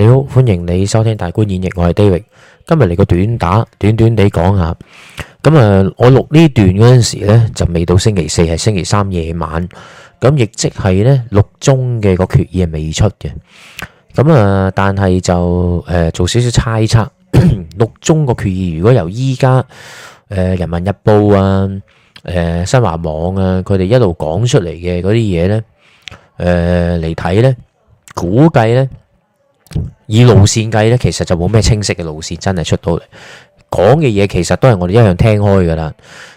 你好，歡迎你收聽《大觀演譯繹》，我係 David。今日嚟個短打，短短地講下。咁啊，我錄呢段嗰陣時咧，就未到星期四，係星期三夜晚。咁亦即係咧，六中嘅個決議係未出嘅。咁啊，但係就誒做少少猜測，六中個決議如果由依家誒《人民日報》啊、誒《新華網》啊，佢哋一路講出嚟嘅嗰啲嘢咧，誒嚟睇咧，估計咧。以路線計呢，其實就冇咩清晰嘅路線真，真係出到嚟講嘅嘢，其實都係我哋一樣聽開噶啦。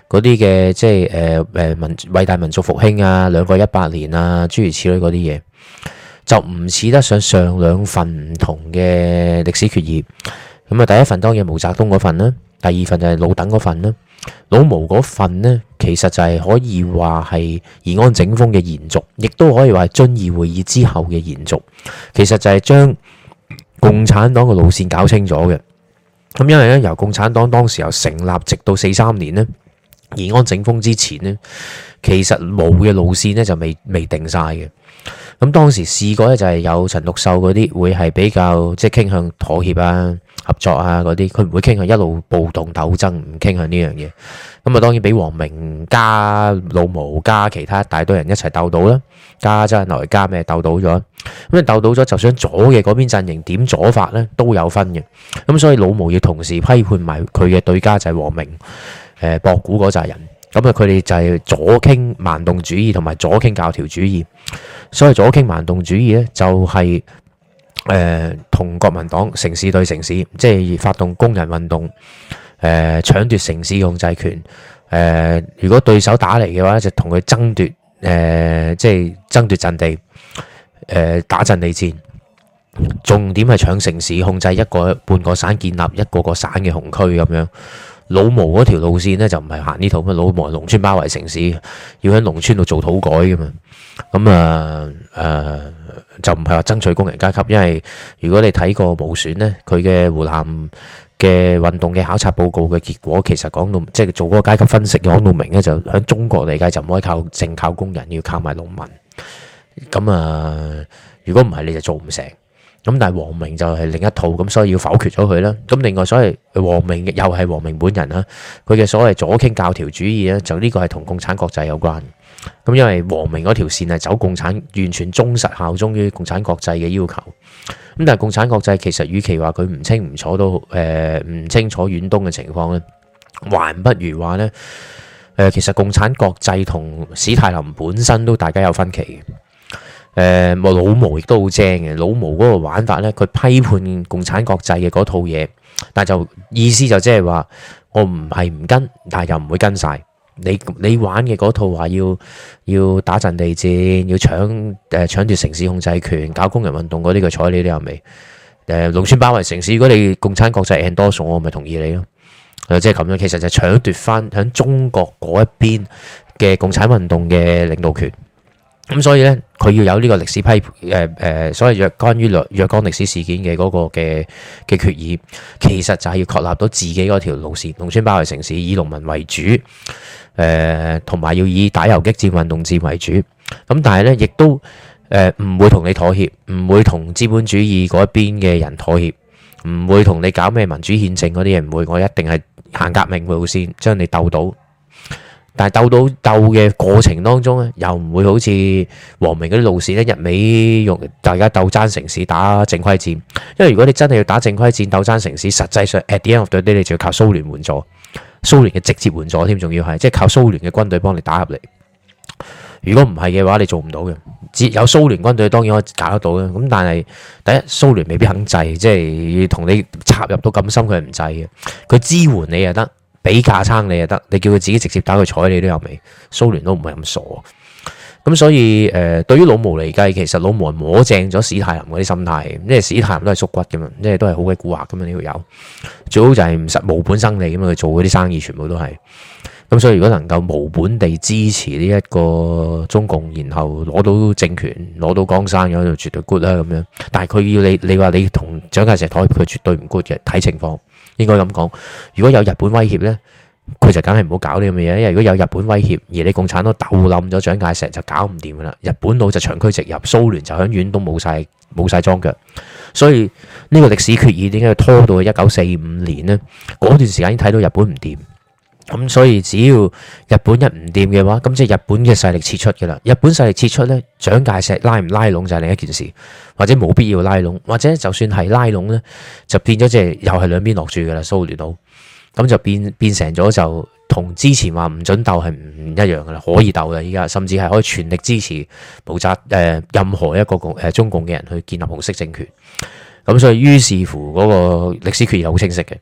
嗰啲嘅即係誒誒民偉大民族復興啊，兩個一百年啊，諸如此類嗰啲嘢，就唔似得上上兩份唔同嘅歷史決議。咁啊，第一份當然毛澤東嗰份啦，第二份就係老鄧嗰份啦，老毛嗰份呢，其實就係可以話係延安整風嘅延續，亦都可以話係遵義會議之後嘅延續。其實就係將。共產黨嘅路線搞清楚嘅，咁因為咧由共產黨當時由成立，直到四三年呢，延安整風之前呢，其實冇嘅路線呢就未未定晒嘅。咁當時試過咧就係有陳獨秀嗰啲會係比較即係傾向妥協啊。合作啊，嗰啲佢唔會傾向一路暴動鬥爭，唔傾向呢樣嘢。咁啊，當然俾王明加老毛加其他一大堆人一齊鬥到啦，加周恩來加咩鬥到咗。咁啊，鬥到咗，就算左嘅嗰邊陣營點左法咧，都有分嘅。咁所以老毛要同時批判埋佢嘅對家就係、是、王明、呃、博古嗰扎人。咁啊，佢哋就係左傾盲動主義同埋左傾教條主義。所以左傾盲動主義咧，就係、是。誒、呃，同國民黨城市對城市，即係發動工人運動，誒、呃，搶奪城市控制權。誒、呃，如果對手打嚟嘅話，就同佢爭奪，誒、呃，即係爭奪陣地，誒、呃，打陣地戰。重點係搶城市控制，一個半個省，建立一個個省嘅紅區咁樣。老毛嗰條路線咧，就唔係行呢套，老毛農村包圍城市，要喺農村度做土改噶嘛。咁啊誒就唔係話爭取工人階級，因為如果你睇過毛選咧，佢嘅湖南嘅運動嘅考察報告嘅結果，其實講到即係做嗰個階級分析講到明咧，就喺中國嚟計就唔可以靠淨靠工人，要靠埋農民。咁啊，如果唔係你就做唔成。咁但係王明就係另一套，咁所以要否決咗佢啦。咁另外，所謂王明又係王明本人啦，佢嘅所謂左傾教條主義咧，就呢個係同共產國際有關。咁因為王明嗰條線係走共產，完全忠實效忠於共產國際嘅要求。咁但係共產國際其實與其話佢唔清唔楚都，誒唔清楚遠東嘅情況咧，還不如話咧，誒其實共產國際同史太林本身都大家有分歧嘅。誒，老毛亦都好正嘅，老毛嗰個玩法呢，佢批判共產國際嘅嗰套嘢，但係就意思就即係話，我唔係唔跟，但係又唔會跟晒你你玩嘅嗰套話要要打陣地戰，要搶誒搶奪城市控制權，搞工人運動嗰啲嘅彩你哋有未？誒，農村包圍城市，如果你共產國際 and 多數，我咪同意你咯，即係咁樣，其實就搶奪翻響中國嗰一邊嘅共產運動嘅領導權。咁所以呢，佢要有呢個歷史批誒誒、呃，所謂若干於若干歷史事件嘅嗰個嘅嘅決議，其實就係要確立到自己嗰條路線，農村包圍城市，以農民為主，誒、呃，同埋要以打游擊戰、運動戰為主。咁但係呢，亦都誒唔、呃、會同你妥協，唔會同資本主義嗰邊嘅人妥協，唔會同你搞咩民主憲政嗰啲嘢，唔會，我一定係行革命路線，將你鬥到。但係鬥到鬥嘅過程當中，又唔會好似黃明嗰啲路線一日美用大家鬥爭城市打正規戰。因為如果你真係要打正規戰，鬥爭城市，實際上 at the end of the day 你就要靠蘇聯援助，蘇聯嘅直接援助添，仲要係即係靠蘇聯嘅軍隊幫你打入嚟。如果唔係嘅話，你做唔到嘅。有蘇聯軍隊，當然可以搞得到啦。咁但係第一，蘇聯未必肯制，即係同你插入到咁深，佢唔制嘅，佢支援你又得。俾架撐你又得，你叫佢自己直接打佢彩你都有味。蘇聯都唔係咁傻，咁所以誒、呃，對於老毛嚟計，其實老毛摸正咗史泰林嗰啲心態，因為史泰林都係縮骨㗎嘛，因為都係好鬼蠱惑㗎嘛。呢個有最好就係唔實無本生利咁啊，做嗰啲生意全部都係咁。所以如果能夠無本地支持呢一個中共，然後攞到政權、攞到江山咁就絕對 good 啦咁樣。但係佢要你，你話你同蔣介石台，佢絕對唔 good 嘅，睇情況。應該咁講，如果有日本威脅呢，佢就梗係唔好搞呢樣嘢。因為如果有日本威脅，而你共產黨鬥冧咗蔣介石，就搞唔掂噶啦。日本佬就長驅直入，蘇聯就響遠東冇晒冇晒樁腳。所以呢個歷史決議點解要拖到一九四五年呢？嗰段時間已經睇到日本唔掂。咁所以只要日本一唔掂嘅話，咁即係日本嘅勢力撤出嘅啦。日本勢力撤出咧，蔣介石拉唔拉攏就係另一件事，或者冇必要拉攏，或者就算係拉攏咧，就變咗即係又係兩邊落注噶啦，蘇聯佬。咁就變變成咗就同之前話唔准鬥係唔一樣噶啦，可以鬥啦依家，甚至係可以全力支持毛澤誒任何一個共誒、呃、中共嘅人去建立紅色政權。咁所以於是乎嗰個歷史決議好清晰嘅。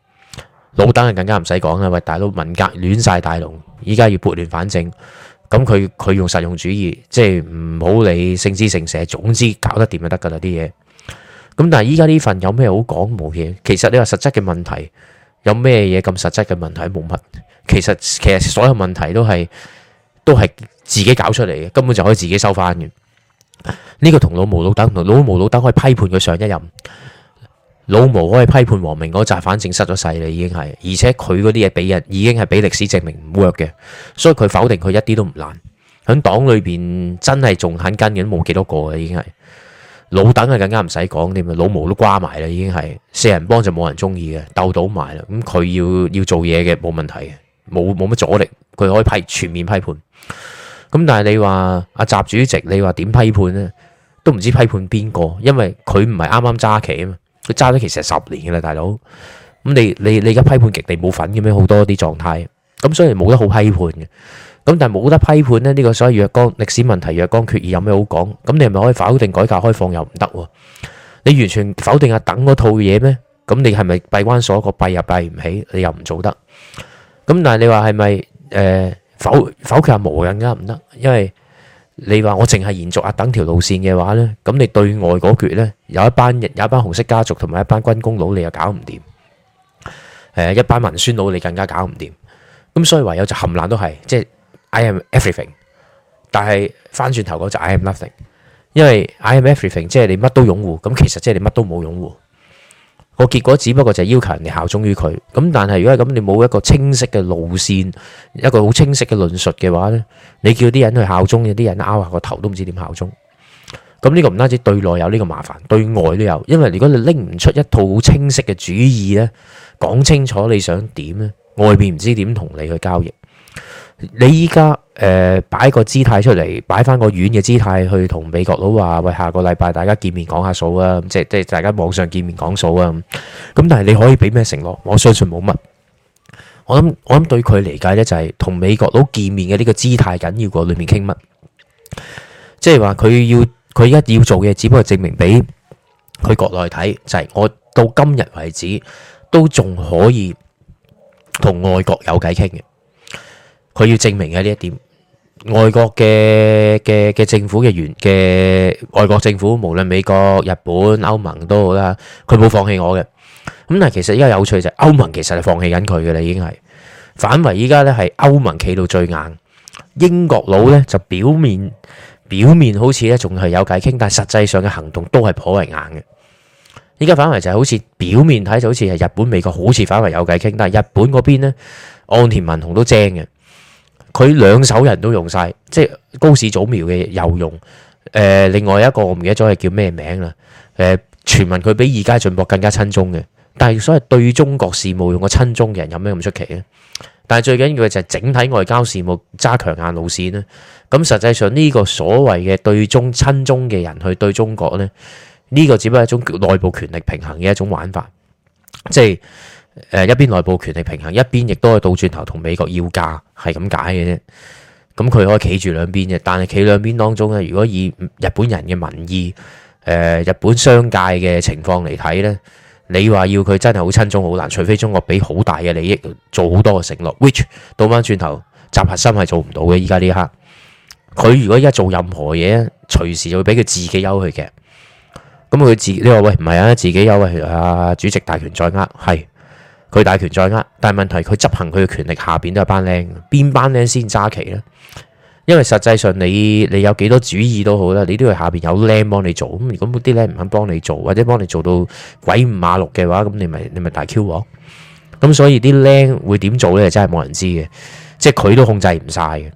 老鄧係更加唔使講啦，喂，大佬文革亂晒大籠，依家要撥亂反正，咁佢佢用實用主義，即係唔好理姓資姓社，總之搞得掂就得㗎喇啲嘢。咁但係依家呢份有咩好講冇嘢？其實呢個實質嘅問題有咩嘢咁實質嘅問題冇乜？其實其實所有問題都係都係自己搞出嚟嘅，根本就可以自己收翻嘅。呢個同老毛老、老鄧，同老毛、老鄧可以批判佢上一任。老毛可以批判王明嗰集，反正失咗勢啦，已經係，而且佢嗰啲嘢俾人已經係俾歷史證明唔 work 嘅，所以佢否定佢一啲都唔難，響黨裡邊真係仲肯跟嘅都冇幾多個啦，已經係，老鄧係更加唔使講添啊，老毛都瓜埋啦，已經係，四人幫就冇人中意嘅，鬥到埋啦，咁佢要要做嘢嘅冇問題嘅，冇冇乜阻力，佢可以批全面批判。咁但係你話阿習主席，你話點批判咧？都唔知批判邊個，因為佢唔係啱啱揸旗啊嘛。佢揸咗其實十年噶啦，大佬。咁你你你而家批判極地冇份嘅咩？好多啲狀態。咁所以冇得好批判嘅，咁但係冇得批判咧，呢個所謂若干歷史問題若干決議有咩好講？咁你係咪可以否定改革開放又唔得？你完全否定阿等嗰套嘢咩？咁你係咪閉關鎖國閉又閉唔起，你又唔做得？咁但係你話係咪誒否否決係無人噶唔得，因為。你話我淨係延續阿、啊、等條路線嘅話呢，咁你對外嗰橛呢，有一班人有一班紅色家族同埋一班軍工佬，你又搞唔掂。誒，一班文宣佬你更加搞唔掂。咁所以唯有就冚爛都係，即係 I am everything。但係翻轉頭嗰就 I am nothing。因為 I am everything，即係你乜都擁護，咁其實即係你乜都冇擁護。個結果只不過就係要求人哋效忠於佢，咁但係如果係咁，你冇一個清晰嘅路線，一個好清晰嘅論述嘅話呢，你叫啲人去效忠，有啲人拗下個頭都唔知點效忠。咁呢個唔單止對內有呢個麻煩，對外都有，因為如果你拎唔出一套好清晰嘅主意呢，講清楚你想點咧，外邊唔知點同你去交易。你依家誒，擺個姿態出嚟，擺翻個軟嘅姿態去同美國佬話喂，下個禮拜大家見面講下數啊，即係即係大家網上見面講數啊。咁但係你可以俾咩承諾？我相信冇乜。我諗我諗對佢理解咧，就係同美國佬見面嘅呢個姿態，緊要過裏面傾乜。即係話佢要佢而家要做嘅，只不過證明俾佢國內睇，就係我到今日為止都仲可以同外國有偈傾嘅。佢要證明嘅呢一點，外國嘅、嘅、嘅政府嘅員嘅外國政府，無論美國、日本、歐盟都好啦，佢冇放棄我嘅。咁但係其實依家有趣就係歐盟其實係放棄緊佢嘅啦，已經係反為依家咧係歐盟企到最硬，英國佬咧就表面表面好似咧仲係有偈傾，但係實際上嘅行動都係頗為硬嘅。依家反為就係好似表面睇就好似係日本、美國好似反為有偈傾，但係日本嗰邊咧岸田文雄都正嘅。佢兩手人都用晒，即係高市早苗嘅又用，誒、呃、另外一個我唔記得咗係叫咩名啦，誒傳聞佢比二階俊博更加親中嘅，但係所謂對中國事務用個親中嘅人有咩咁出奇呢？但係最緊要嘅就係整體外交事務揸強硬路線啦。咁、嗯、實際上呢個所謂嘅對中親中嘅人去對中國呢，呢、這個只不過係一種內部權力平衡嘅一種玩法，即係。誒，一邊內部權力平衡，一邊亦都係倒轉頭同美國要價，係咁解嘅啫。咁佢可以企住兩邊嘅，但係企兩邊當中咧，如果以日本人嘅民意，誒日本商界嘅情況嚟睇咧，你話要佢真係好親中好難，除非中國俾好大嘅利益，做好多嘅承諾。Which 倒翻轉頭，習核心係做唔到嘅。依家呢刻，佢如果一做任何嘢，隨時就會俾佢自己休去嘅。咁佢自你話喂唔係啊，自己休啊，主席大權在握係。佢大權在握，但係問題佢執行佢嘅權力下邊都係班僆，邊班僆先揸旗呢？因為實際上你你有幾多主意都好啦，你都要下邊有僆幫你做。咁如果啲僆唔肯幫你做，或者幫你做到鬼五馬六嘅話，咁你咪你咪大 Q 咯。咁所以啲僆會點做呢？真係冇人知嘅，即係佢都控制唔晒嘅。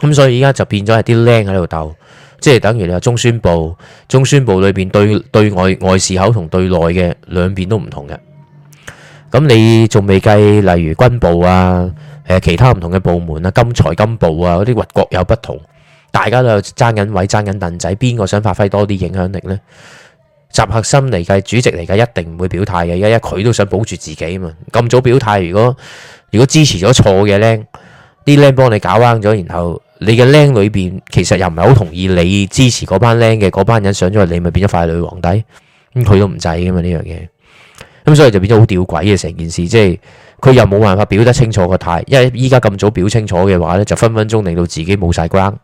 咁所以而家就變咗係啲僆喺度鬥，即係等於你話，中宣部，中宣部裏邊對對外外事口同對內嘅兩邊都唔同嘅。咁你仲未計，例如軍部啊，誒、呃，其他唔同嘅部門啊，金財金部啊，嗰啲或各有不同，大家都係爭緊位，爭緊凳仔，邊個想發揮多啲影響力呢？習核心嚟計，主席嚟計，一定唔會表態嘅，因為佢都想保住自己嘛。咁早表態，如果如果支持咗錯嘅咧，啲僆幫你搞彎咗，然後你嘅僆裏邊其實又唔係好同意你支持嗰班僆嘅，嗰班人上咗嚟，你咪變咗傀儡皇帝，佢都唔制噶嘛呢樣嘢。咁所以就變咗好吊詭嘅成件事，即係佢又冇辦法表得清楚個態，因為依家咁早表清楚嘅話呢，就分分鐘令到自己冇晒關。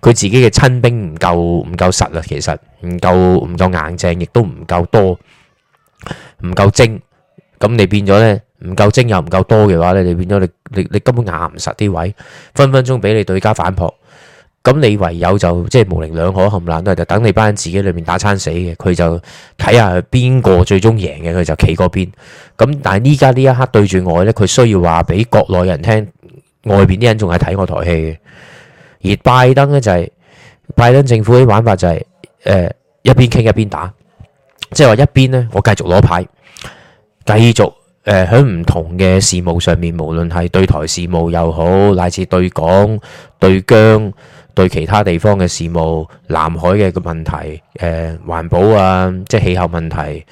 佢自己嘅親兵唔夠唔夠實啊，其實唔夠唔夠硬淨，亦都唔夠多，唔夠精。咁你變咗呢，唔夠精又唔夠多嘅話咧，你變咗你你你根本硬唔實啲位，分分鐘俾你對家反撲。咁你唯有就即係模棱兩可，冚爛都係，就等你班人自己裏面打餐死嘅，佢就睇下邊個最終贏嘅，佢就企嗰邊。咁但係依家呢一刻對住外呢，佢需要話俾國內人聽，外邊啲人仲係睇我台戲嘅。而拜登呢、就是，就係拜登政府啲玩法就係、是，誒一邊傾一邊打，即係話一邊呢，我繼續攞牌，繼續誒響唔同嘅事務上面，無論係對台事務又好，乃至對港對疆。對其他地方嘅事務、南海嘅個問題、誒、呃、環保啊、即係氣候問題、誒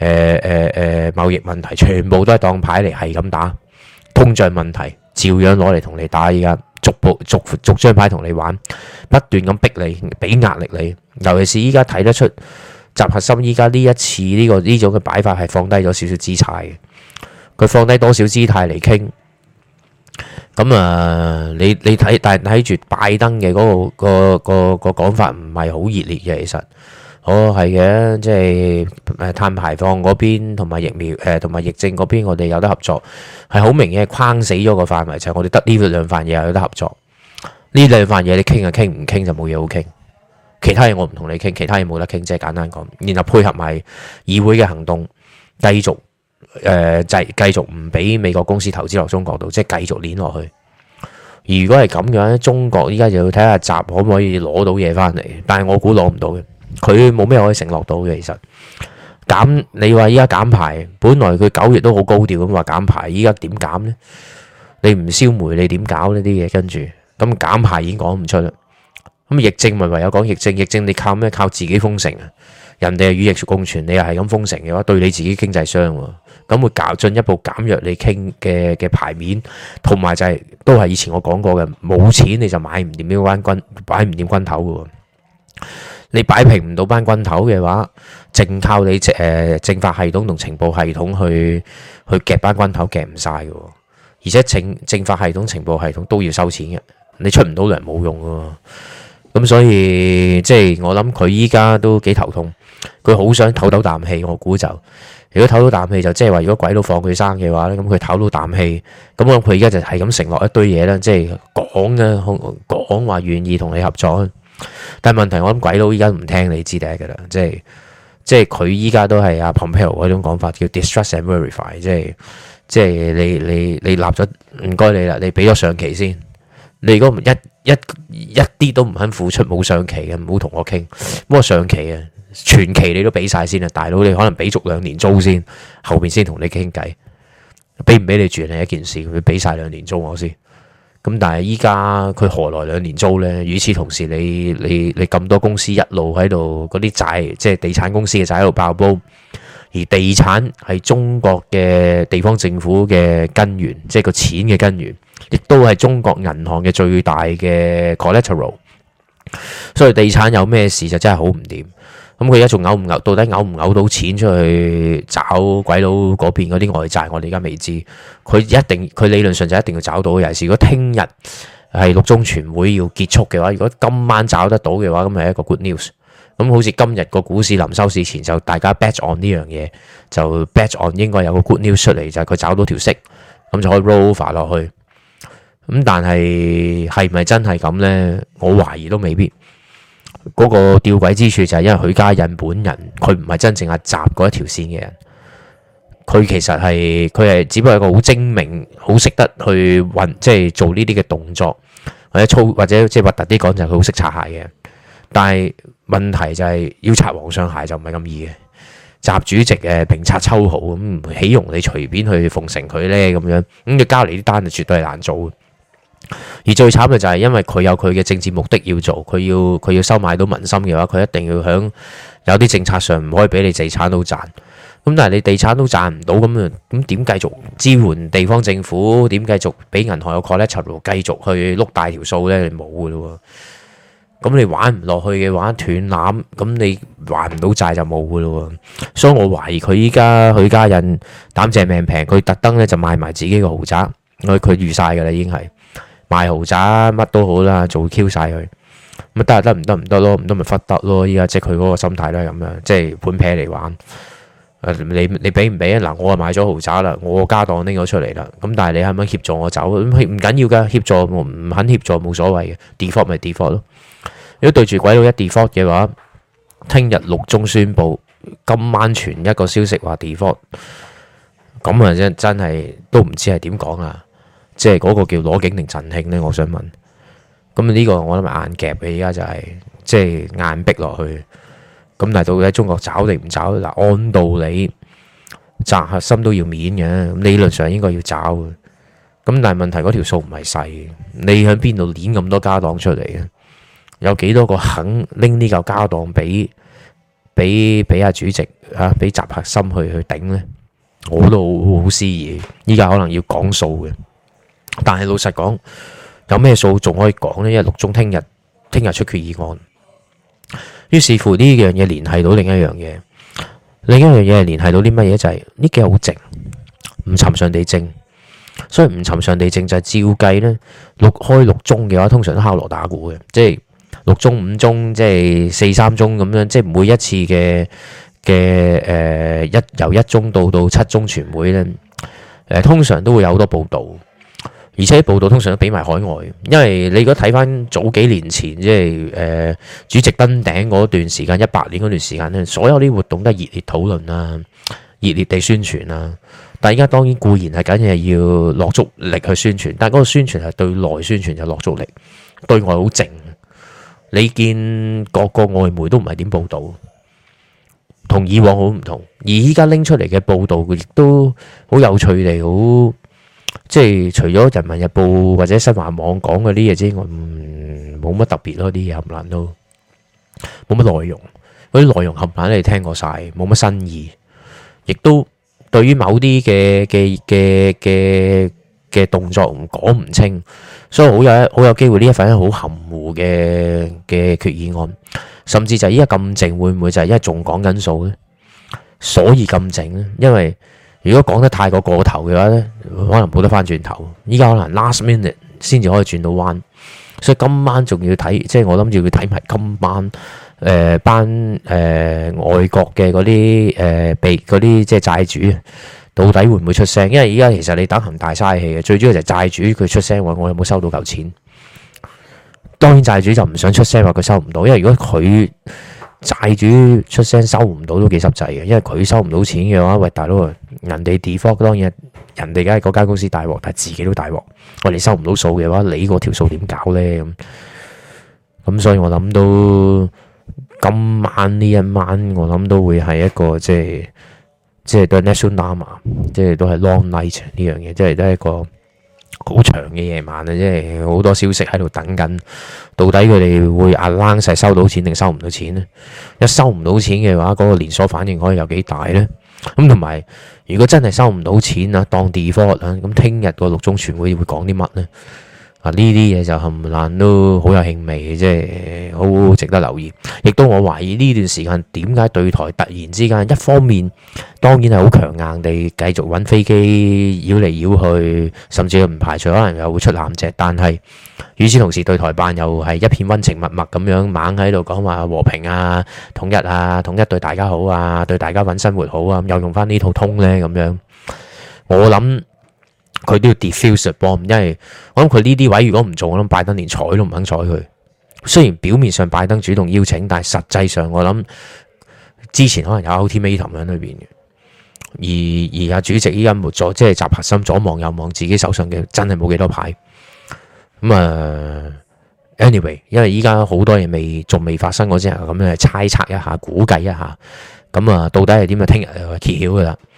誒誒貿易問題，全部都係當牌嚟係咁打。通脹問題照樣攞嚟同你打。依家逐步逐逐張牌同你玩，不斷咁逼你，俾壓力你。尤其是依家睇得出習核心，依家呢一次呢、這個呢種嘅擺法係放低咗少少姿態嘅。佢放低多少姿態嚟傾？咁啊、嗯，你你睇但係睇住拜登嘅嗰、個、個、個、個講法唔係好熱烈嘅，其實，哦係嘅，即係碳排放嗰邊同埋疫苗誒同埋疫症嗰邊，我哋有得合作，係好明顯框死咗個範圍，就係、是、我哋得呢兩份嘢有得合作，呢兩份嘢你傾就傾，唔傾就冇嘢好傾，其他嘢我唔同你傾，其他嘢冇得傾，即係簡單講，然後配合埋議會嘅行動，繼續。誒、呃，繼繼續唔俾美國公司投資落中國度，即係繼續鏈落去。如果係咁樣，中國依家就要睇下習可唔可以攞到嘢翻嚟，但係我估攞唔到嘅。佢冇咩可以承諾到嘅。其實減你話依家減排，本來佢九月都好高調咁話減排，依家點減呢？你唔燒煤，你點搞呢啲嘢？跟住咁減排已經講唔出啦。咁疫症咪唯有講疫症，疫症你靠咩？靠自己封城啊！人哋係與疫共存，你又係咁封城嘅話，對你自己經濟傷喎，咁會搞進一步減弱你傾嘅嘅牌面，同埋就係、是、都係以前我講過嘅，冇錢你就買唔掂呢班軍，擺唔掂軍頭嘅喎，你擺平唔到班軍頭嘅話，淨靠你誒、呃、政法系統同情報系統去去夾班軍頭夾唔晒嘅，而且政政法系統情報系統都要收錢嘅，你出唔到糧冇用嘅。咁所以即係我諗佢依家都幾頭痛，佢好想唞唞啖氣，我估就如果唞到啖氣就即係話如果鬼佬放佢生嘅話咧，咁佢唞到啖氣，咁我諗佢依家就係咁承諾一堆嘢啦，即係講呀講話願意同你合作，但係問題我諗鬼佬依家唔聽你支笛噶啦，即係即係佢依家都係阿 Pompeo 嗰種講法叫 distrust and verify，即係即係你你你立咗唔該你啦，你俾咗上期先。你如果一一一啲都唔肯付出，冇上期嘅，唔好同我傾。不過上期啊，全期你都俾晒先啊，大佬你可能俾足兩年租先，後邊先同你傾偈。俾唔俾你住係一件事，佢俾晒兩年租我先。咁但係依家佢何來兩年租呢？與此同時，你你你咁多公司一路喺度，嗰啲債即係地產公司嘅債喺度爆煲。而地產係中國嘅地方政府嘅根源，即係個錢嘅根源，亦都係中國銀行嘅最大嘅 collateral。所以地產有咩事就真係好唔掂。咁佢而家仲嘔唔嘔？到底嘔唔嘔到錢出去找鬼佬嗰邊嗰啲外債？我哋而家未知。佢一定，佢理論上就一定要找到嘅。尤其是如果聽日係六中全會要結束嘅話，如果今晚找得到嘅話，咁係一個 good news。咁好似今日個股市臨收市前就大家 bet on 呢樣嘢，就 bet on 應該有個 good news 出嚟，就係佢找到條息，咁就可以 roll over 落去。咁但係係咪真係咁呢？我懷疑都未必。嗰個吊詭之處就係因為許家印本人，佢唔係真正阿習嗰一條綫嘅人，佢其實係佢係只不過係一個好精明、好識得去運，即係做呢啲嘅動作或者操，或者即係核突啲講就係佢好識擦鞋嘅。但係問題就係要擦皇上鞋就唔係咁易嘅，習主席嘅明察秋毫咁，豈容你隨便去奉承佢呢。咁樣？咁你交嚟啲單就絕對係難做，而最慘嘅就係因為佢有佢嘅政治目的要做，佢要佢要收買到民心嘅話，佢一定要響有啲政策上唔可以俾你，你地產都賺。咁但係你地產都賺唔到，咁樣咁點繼續支援地方政府？點繼續俾銀行有 credit 繼續去碌大條數呢？你冇噶啦喎！咁你玩唔落去嘅話斷纜，咁你還唔到債就冇噶咯。所以我懷疑佢依家許家印膽正命平，佢特登咧就賣埋自己個豪宅，佢佢預晒噶啦，已經係賣豪宅乜都好啦，做 Q 晒佢咁得係得唔得唔得咯，唔得咪忽得咯。依家即係佢嗰個心態咧咁樣，即係本撇嚟玩。你你俾唔俾啊？嗱，我係買咗豪宅啦，我個家當拎咗出嚟啦。咁但係你係咪協助我走？咁唔緊要噶，協助唔肯協助冇所謂嘅，default 咪 default 咯。如果對住鬼佬一 default 嘅話，聽日六中宣布，今晚傳一個消息話 default，咁啊真真係都唔知係點講啊！即係嗰個叫羅景定陳慶呢，我想問，咁呢個我諗係硬夾，嘅、就是，而家就係即係硬逼落去。咁但係到底喺中國找定唔找？嗱，按道理摘核心都要面嘅，理論上應該要找嘅。咁但係問題嗰條數唔係細，你喺邊度捻咁多家當出嚟啊？有幾多個肯拎呢嚿家當俾俾俾阿主席啊，俾集核心去去頂咧？我都好好思疑，依家可能要講數嘅。但係老實講，有咩數仲可以講呢？因為六中聽日聽日出決議案，於是乎呢樣嘢聯繫到另一樣嘢，另一樣嘢係聯繫到啲乜嘢？就係、是、呢幾日好靜，唔尋常地靜，所以唔尋常地靜就係照計呢，六開六中嘅話，通常都敲鑼打鼓嘅，即係。六中五中即係四三中咁樣，即係每一次嘅嘅誒，一由一中到到七中全會咧，誒、呃、通常都會有好多報道，而且報道通常都俾埋海外，因為你如果睇翻早幾年前，即係誒、呃、主席登頂嗰段時間，一八年嗰段時間咧，所有啲活動都係熱烈討論啦，熱烈地宣傳啦。但係而家當然固然係，緊要係要落足力去宣傳，但係嗰個宣傳係對內宣傳就落足力，對外好靜。你見各個外媒都唔係點報道，同以往好唔同。而依家拎出嚟嘅報道亦都好有趣嚟，好即係除咗《人民日報》或者《新華網》講嗰啲嘢之外，冇、嗯、乜特別咯啲嘢，冚唪唥都冇乜內容。嗰啲內容冚唪唥你聽過曬，冇乜新意，亦都對於某啲嘅嘅嘅嘅嘅動作唔講唔清，所以好有好有機會呢一份好含糊嘅嘅決議案，甚至就係依家咁靜，會唔會就係依家仲講緊數咧？所以咁靜咧，因為如果講得太過過頭嘅話呢，可能冇得翻轉頭。依家可能 last minute 先至可以轉到彎，所以今晚仲要睇，即係我諗住要睇埋今晚誒班誒外國嘅嗰啲誒被嗰啲即係債主。到底會唔會出聲？因為而家其實你等恒大嘥氣嘅，最主要就係債主佢出聲話：我有冇收到嚿錢？當然債主就唔想出聲話佢收唔到，因為如果佢債主出聲收唔到都幾濕滯嘅，因為佢收唔到錢嘅話，喂大佬，人哋 default 當然人哋梗係嗰間公司大鑊，但係自己都大鑊。我哋收唔到數嘅話，你嗰條數點搞呢？咁咁，所以我諗到今晚呢一晚，我諗都會係一個即係。即係對 national drama，即係都係 long night 呢樣嘢，即係都係一個好長嘅夜晚啊！即係好多消息喺度等緊，到底佢哋會 announce 收到錢定收唔到錢呢？一收唔到錢嘅話，嗰、那個連鎖反應可以有幾大呢？咁同埋，如果真係收唔到錢啊，當 default 咁，聽日個六中全會會講啲乜呢？啊！呢啲嘢就冚唪唥都好有興味，即係好值得留意。亦都我懷疑呢段時間點解對台突然之間一方面當然係好強硬地繼續搵飛機繞嚟繞去，甚至唔排除可能又會出攔截。但係，與此同時，對台辦又係一片溫情脈脈咁樣猛喺度講話和平啊、統一啊、統一對大家好啊、對大家搵生活好啊，又用翻呢套通呢咁樣。我諗。佢都要 defuse 個 bomb，因為我諗佢呢啲位如果唔做，我諗拜登連睬都唔肯睬佢。雖然表面上拜登主動邀請，但係實際上我諗之前可能有 ultimatum 喺裏邊嘅。而而阿主席依家冇咗，即係習核心左望右望，自己手上嘅真係冇幾多牌。咁啊，anyway，因為依家好多嘢未仲未發生嗰陣，咁樣去猜測一下、估計一下。咁啊，到底係點啊？聽日就揭曉噶啦。